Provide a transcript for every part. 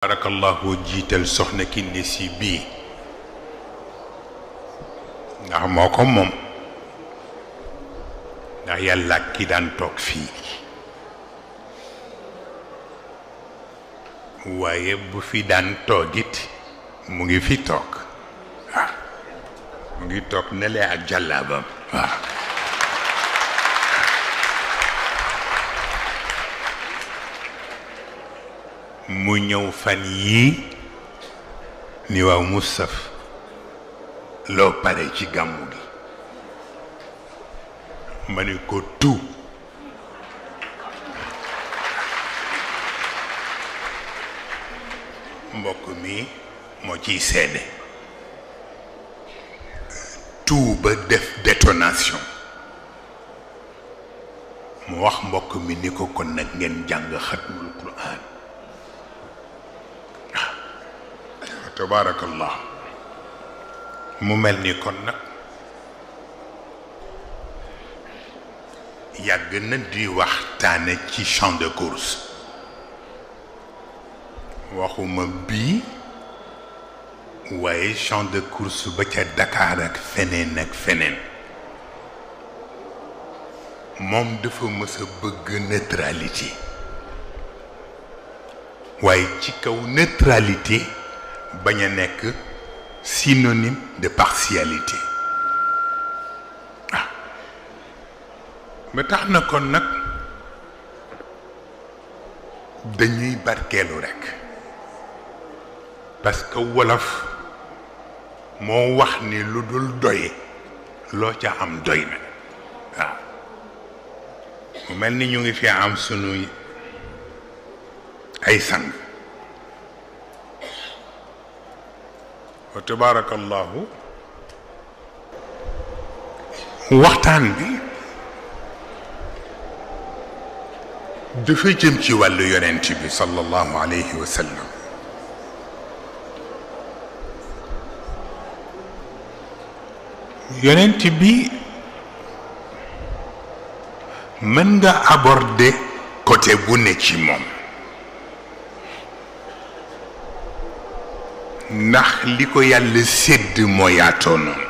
barakallahu jiital soxna Kiné Sy bii ndax moo ko moom ndax yàlla ki daan toog fii waaye bu fi daan toogit mu ngi fi toog mu ngi toog ne ak jàllaabam waaw mu ñëw fan yii ni waaw Moustapha loo pare ci gàmmu gi ma ne ko tout mbokk mi moo ciy seede tout ba def détonation mu wax mbokk mi ni ko kon nag ngeen jàng xatmul Quran تبارك الله مو مملني كنا يغنى دي وقتانة كي شان دي كورس وخو بي وي شان دي كورس بكا دكارك فنين اك فنين موم دفو مسا بغ نتراليتي وي تي كو نتراليتي bañ synonyme de partialité ah. mais tant tax na kon nag dañuy barkeelu parce que wolof mon wax ni lu dul doye loo am doy na waaw ah. ñu ngi am sunu sang وتبارك الله وقتان بي دفي جمتي والو يننتي بي صلى الله عليه وسلم يننتي بي من دا ابورد كوتي بو نتي موم ndax li ko yàlla sédd moo yaatoo noonu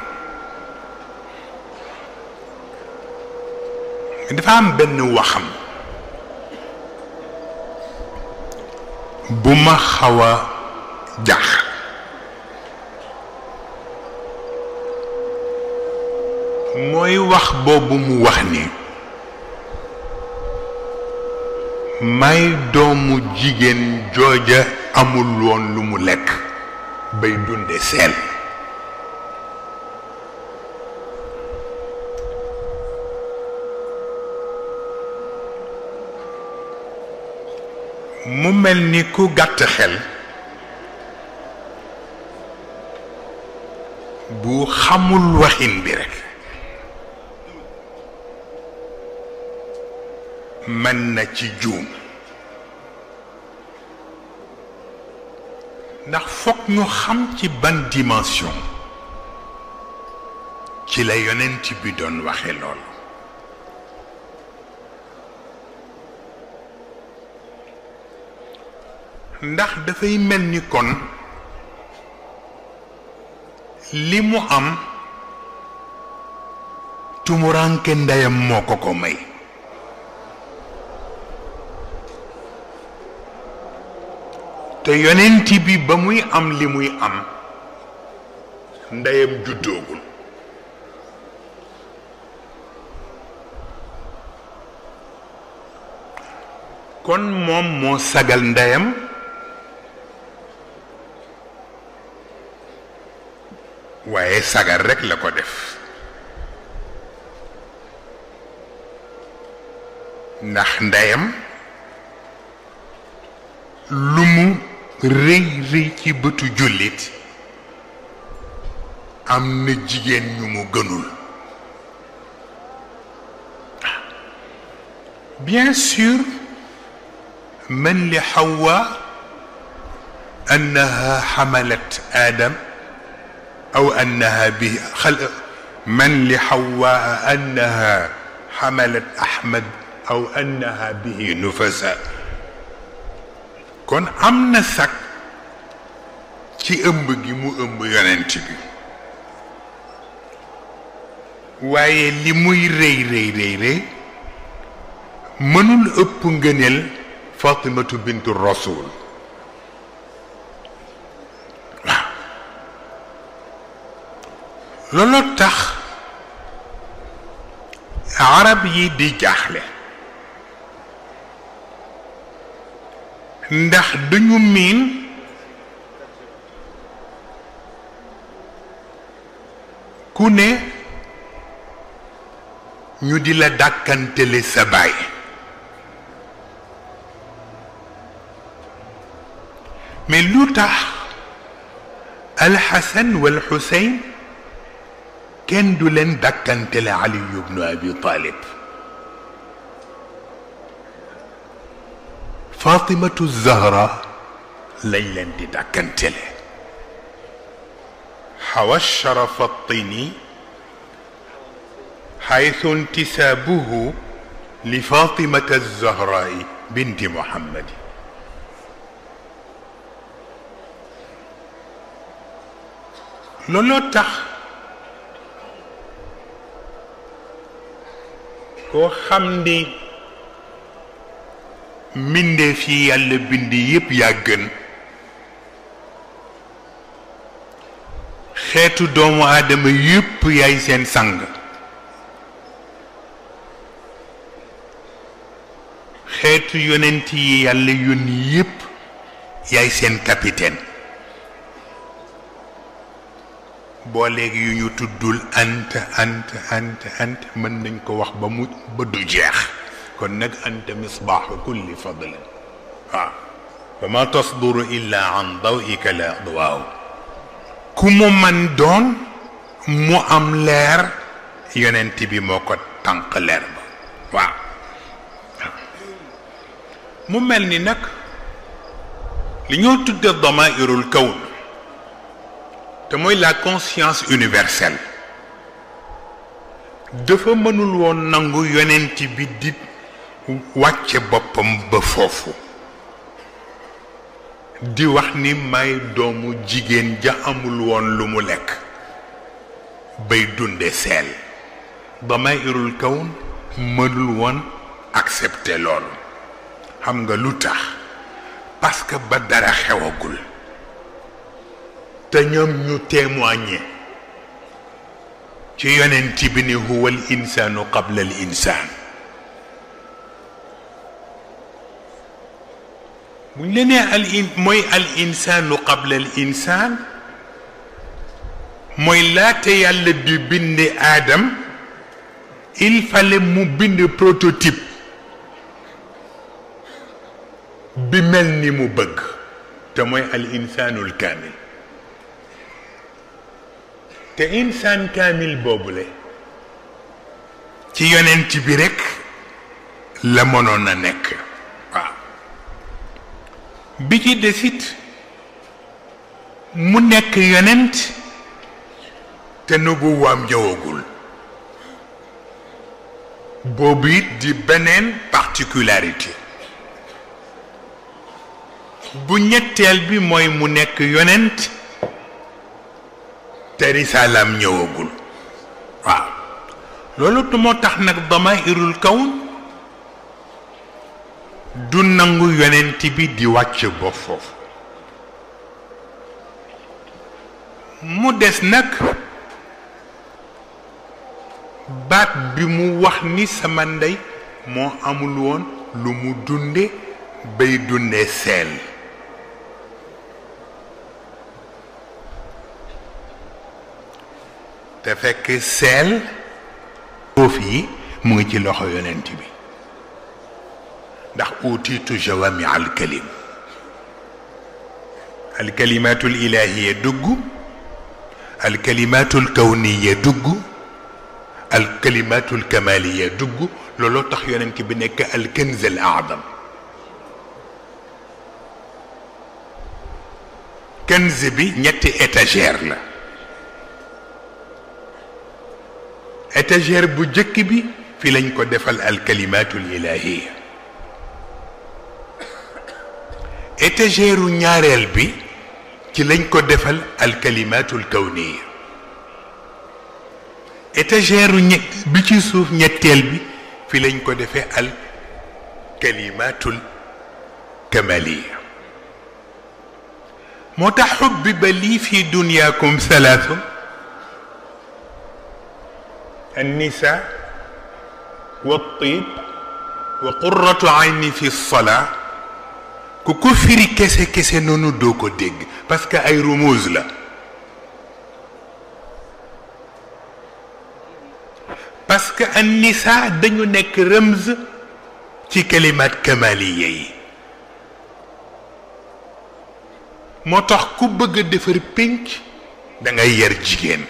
dafa am benn waxam bu ma xaw a jax mooy wax boobu mu wax ni may doomu jigéen jooja amul woon lu mu lekk bay dunde seen mu mel ku gàtt xel bu xamul waxin bi rek mën na ci juum ndax foog ñu xam ci ban dimension ci la yonent bi doon waxe loolu ndax dafay mel ni kon li mu am tumuranke ndeyam moo ko ko may te yonent bi ba muy am li muy am ndeyam juddoogul kon moom moo sagal ndeyam waaye sagal rekk la ko def ndax ndeyam lu mu ري rëy ci bëtu jullit am na jigéen ñu bien sûr من لحواء أنها حملت آدم أو أنها به خلق من لحواء أنها حملت أحمد أو أنها به نفساء kon amna sak ci ëmb gi mu ëmb yonent bi waaye li muy rëy rëy rëy rëy mënul ëpp ngëneel fatimatu bintu rasul waaw tax arab yi di jaaxle ndax duñu miin ku ne ñu di la dàkkantele sa baay mais lu tax alxasan walxuseyn kenn du leen dàkkantele aliyu bnu abi talib فاطمة الزهرة ليلا ديدا كنتلي حوى الشرف الطيني حيث انتسابه لفاطمة الزهراء بنت محمد لولو تخ كو خمدي mbindeef yi yàlla bind yépp yaa gën xeetu doomu aadama yépp yaay seen sang xeetu yonent yi yàlla yónni yépp yaay seen capitaine boo léegi yu ñu tuddul ant ant ant ant mën nañ ko wax ba mu ba jeex كنك أنت مصباح كل فضل ها. وما تصدر إلا عن ضوئك لا ضواء كم من دون مؤملر ينتي بموك تنقلر وا مملني نك لنيو تد الضمائر الكون تموي لا كونسيانس universelle دفا منول وون نانغو يوننتي بي wàcce boppam ba foofu di wax ni may doomu jigéen ja amul woon lu mu lekk bay dunde seel ba may irul kaw mënul woon accepter loolu xam nga lu tax parce que ba dara xewagul te ñoom ñu témoigner ci yonent bi ni huwa al insaanu qabla insaan bu الان موي الانسان قبل الانسان موي لا تيال دي al ادم il fallait mu bind prototype bi melni mu bëgg te moy al insanul kamil te insaan kaamil boobule ci yonent bi rek la mënoon a nekk bi ci desit mu nekk yonent te nubuwaam jawagul boobu it di beneen particularité bu ñetteel bi mooy mu nekk yonent te risaalam ñëwagul waaw loolu moo tax nag damairul kawn du nangu yonent bi di wàcc ba foofu mu des nag baat bi mu wax ni sama ndey moo amul woon lu mu dunde bay dunde seel te fekk seel suuf yi mu ngi ci loxo yonent bi ndax uutiitu jawami al kalim al kalimaatu al ilaahiya dugg al kalimaatu al kawniya dugg al kalimaatu al kamaliya dugg looloo tax yonent bi nekk al kanz al aadam kanz bi ñetti étagère la étagère bu jëkk bi fi lañ ko defal al kalimaatu al ilaahiya étagère ñaareel bi ci lañ ko defal alkalimatul kawniya étagère ñe bi ci suuf ñetteel bi fi lañ ko defee alkalimatul kamaliya moo tax xubbiba lii fi dunyaakum salaatu annisa wa tiib wa qurratu ayni fi salaa ku ko firi kese kese noonu doo ko dégg parce que ay rumuz la parce que an dañu nekk rëmz ci kalimaat kamaliye yi moo tax ku bëgg a defar pénc dangay ngay yar jigéen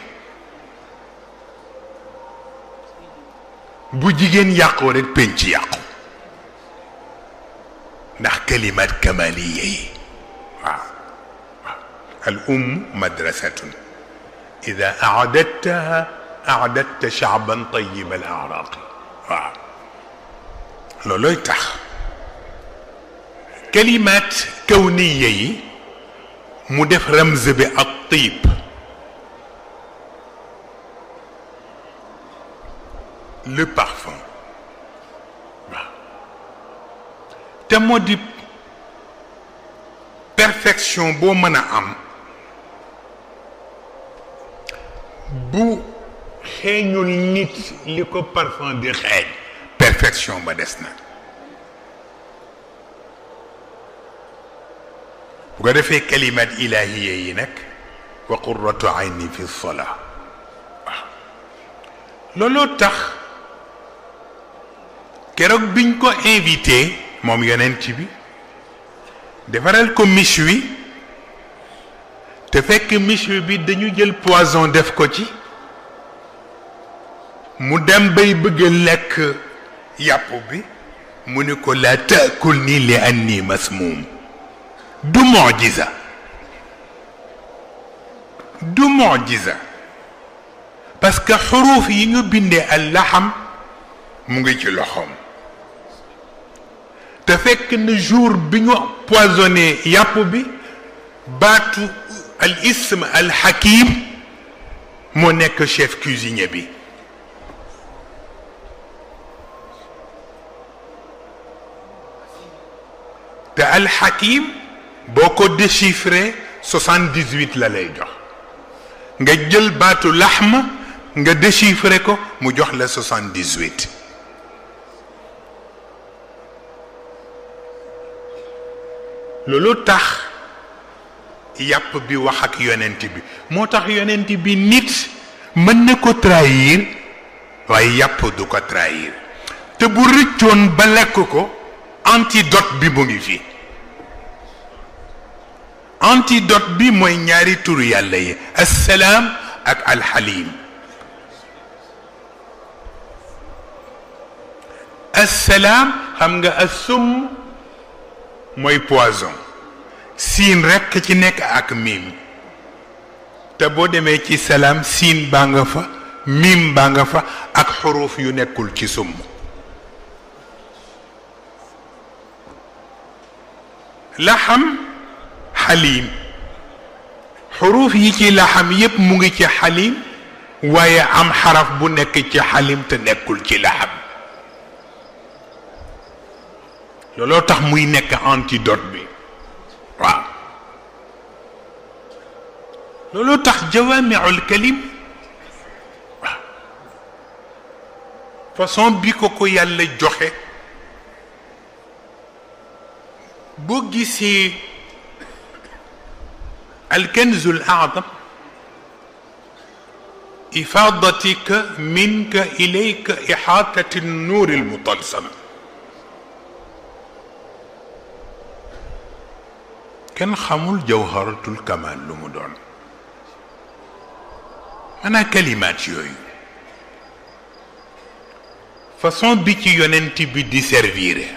bu jigéen yàqoo rek pénc yàqu نح كلمات كمالية الأم مدرسة إذا أعددتها أعددت شعبا طيب الأعراق لولويتا كلمات كونية مدف رمز بالطيب le parfum te moo perfection bo meuna am bu xeeñul nit liko parfum di xéñ perfection ba des na bu ko defé kalimat ilahiya yi nak wa qurratu ayni fi sola lolo tax kérok biñ ko inviter moom yonent bi defaral ko miche te fek miche bi dañu jël poison def ko ci mu dem bay bëgg lek yàpp bi mu ni ko laa taakul nii li anni masmum du mu'jiza du mu'jiza parce que xuruuf yi ñu bindee al laxam mu ngi ci loxom te fekk na jour bi ñu poisonné yàpp bi baatu al ism al hakim moo nekk chef cuisinier bi te al hakim boo ko déchiffré soixante la lay jox nga jël baatu laxma nga déchiffré ko mu jox la 78 lolu tax yàpp bi wax ak yonent bi moo tax yonent bi nit mën na ko trahir waaye yàpp du ko trahir te bu rëccoon ba lekk ko antidote bi mu ngi fi antidote bi mooy ñaari turu yàlla yi assalaam ak alxalim assalaam xam nga assum mooy poison siin rekk ci nekk ak miim te boo demee ci salaam siin baa nga fa miim baa nga fa ak xuruuf yu nekkul ci summ laxam xaliim xuruuf yi ci laxam yépp mu ngi ci xaliim waaye am xaraf bu nekk ci xaliim te nekkul ci laxam lolo tax muy nek antidote bi wa lolo tax jawami'ul kalim waaw façon bi ko ko yàlla joxe bo boo gisee alkanzul a'zam ifadatik minka ilayka ihaatati nuur mutalsam كان خمول جوهرة الكمال لمدن أنا كلمات يوي فصان بيكي يوننتي بي دي سيرفير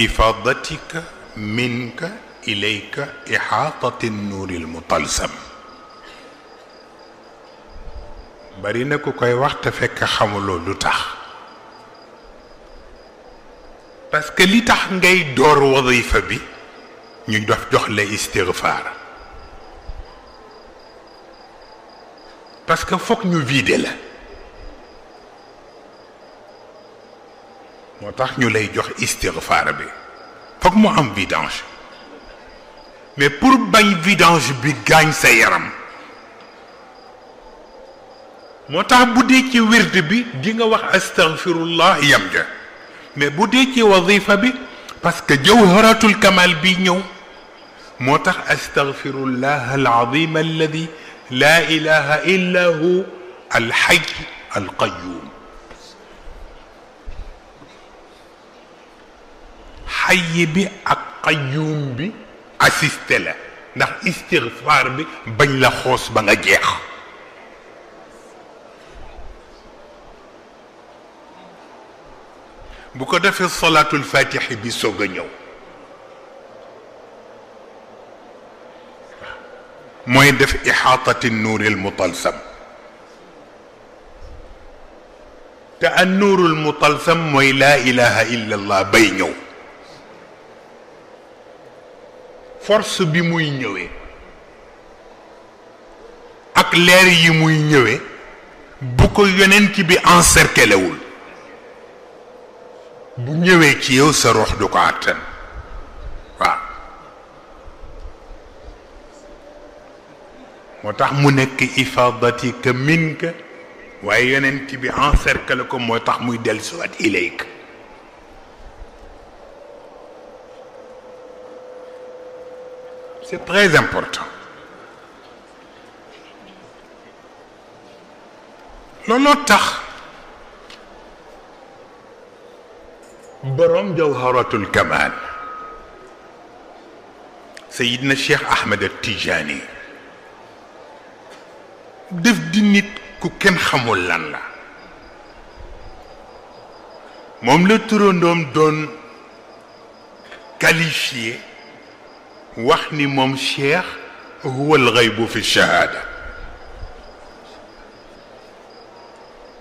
إفادتك منك إليك إحاطة النور المطلسم برينكو كي وقت فك خمولو لتخ parce que li tax ngay door wadifa bi ñu daf jox lay istighfar parce que foog ñu vider la motax ñu lay jox istighfar bi foog mu am vidange mais pour bañ vidange bi gagne sa yaram motax tax bu dee ci wird bi di nga wax astaghfirullah yamja ja mais bu dee ci wazifa bi parce que jawharatul kamal bi ñëw moo tax astaghfirullah alazim alladi la ilaha illa hu alxaj alqayum xay bi ak qayum bi assisté la ndax istighfar bi bañ la xoos ba nga jeex bu ko defee salatul fatih bi soog a ñëw moy def ixaatati nuuril mutalsam ta an nuurul mutalsam moy la ilaha illa allah bay ñëw force bi muy ñewé ak leer yi muy ñewé bu ko yonent bi encerclé wul bu ñëwé ci yow sa roh du ko àttan wa motax mu nekk ifadati ka minka waaye yonent bi encercle ko moo tax muy wat ilayk c'est très important looloo tax برم جوهرة الكمال سيدنا الشيخ أحمد التيجاني دف دي نيت كو كين خمول لان لا ترون دوم دون كاليفيه وحني موم شيخ هو الغيب في الشهاده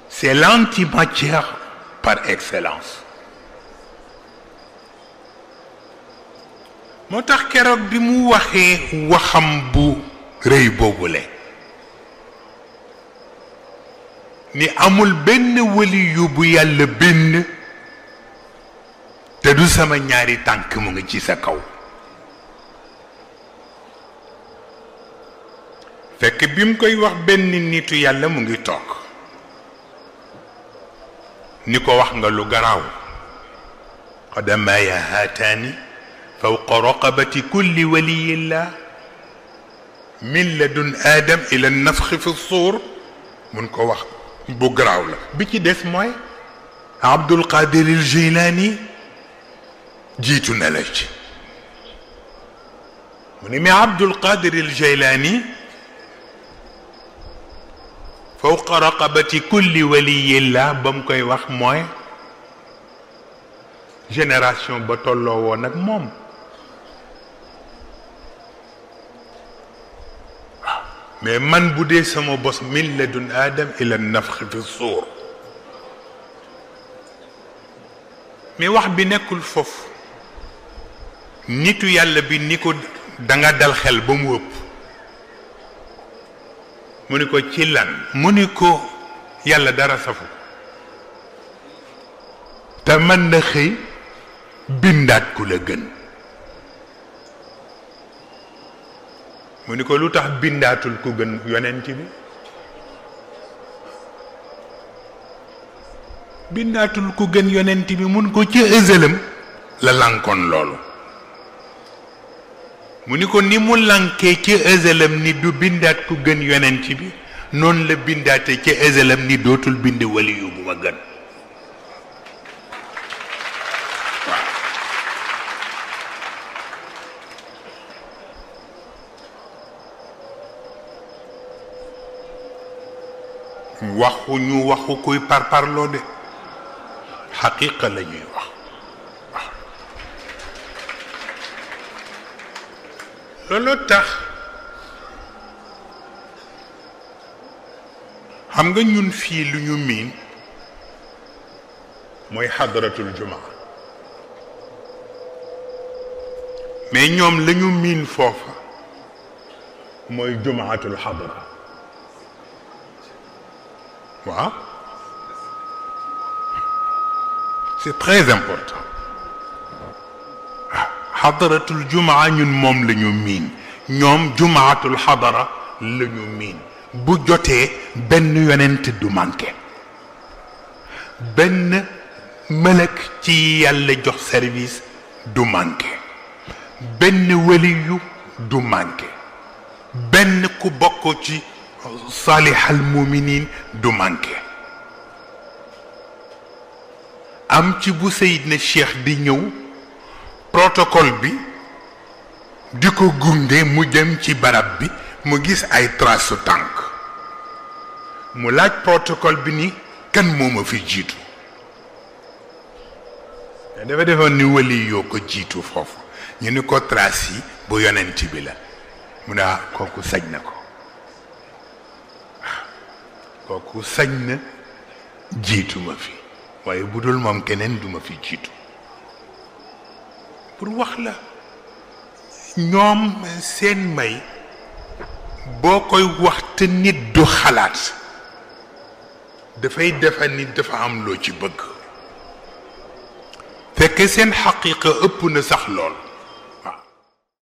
سي لانتي l'antimatière par excellence. moo tax keroog bi mu waxe waxam bu rëy boobule ni amul benn wëli yu bu yàlla benn te du sama ñaari tànk mu ngi ci sa kaw fekk bi mu koy wax benn nitu yàlla mu ngi toog ni ko wax nga lu garaw xadamaaya haataani فوق رقبة كل ولي الله من لدن آدم إلى النفخ في الصور من كوخ بقراولة بكي ديس موي عبد القادر الجيلاني جيت نلج من مي عبد القادر الجيلاني فوق رقبة كل ولي الله بم كوخ موي جنراسيون بطلو ونك مومي mais man bu dee sama bos min la dun aadam ila nafx fi suur mais wax bi nekkul foofu nitu yàlla bi ni ko danga dal xel ba mu ëpp mu ni ko ci lan mu ni ko yàlla dara safu te mën na xëy bindaat ku la gën mu ni ko lu tax bindaatul ku gën yonent bi bindaatul ku gën yonent mun ko ci ësëlam la lànkoon loolu mu ni ko ni mu lànkee ci ësëlam ni du bindaat ku gën yonent bi noonu la bindaate ci ësëlam ni dootul bind waliyu bu ma gën waxuñu waxu kuy parparloo de xaqiqa la ñuy wax loolu tax xam nga ñun fii lu ñu miin mooy xadaratul mais ñoom la ñu miin foofa jumaatul xadara Voilà. C'est très important. Hadratul Jum'a ñun mom lañu min. Ñom Jum'atul jumaatul lañu min. bu joté ben yonent du manké. Ben mëlëk ci yàlla jox service du manké. Ben wëliyu du manké. Ben ku bokko ci saalihal muminin du manqué am ci bu Seydina Cheikh di ñëw protocole bi di ko gunge mu jëm ci barab bi mu gis ay trasu tànk mu laaj protocole bi ni kan moo fi jiitu te dafa foofu ñu ni ko trace yi bu yonent bi la mu ne kooku sañ na ko koku sañ na ma fi waye budul mom kenen duma fi jitu pour wax la ñom sen may bokoy wax te nit du xalat da fay defa nit dafa am lo ci bëgg fekk sen haqiqa ëpp na sax lool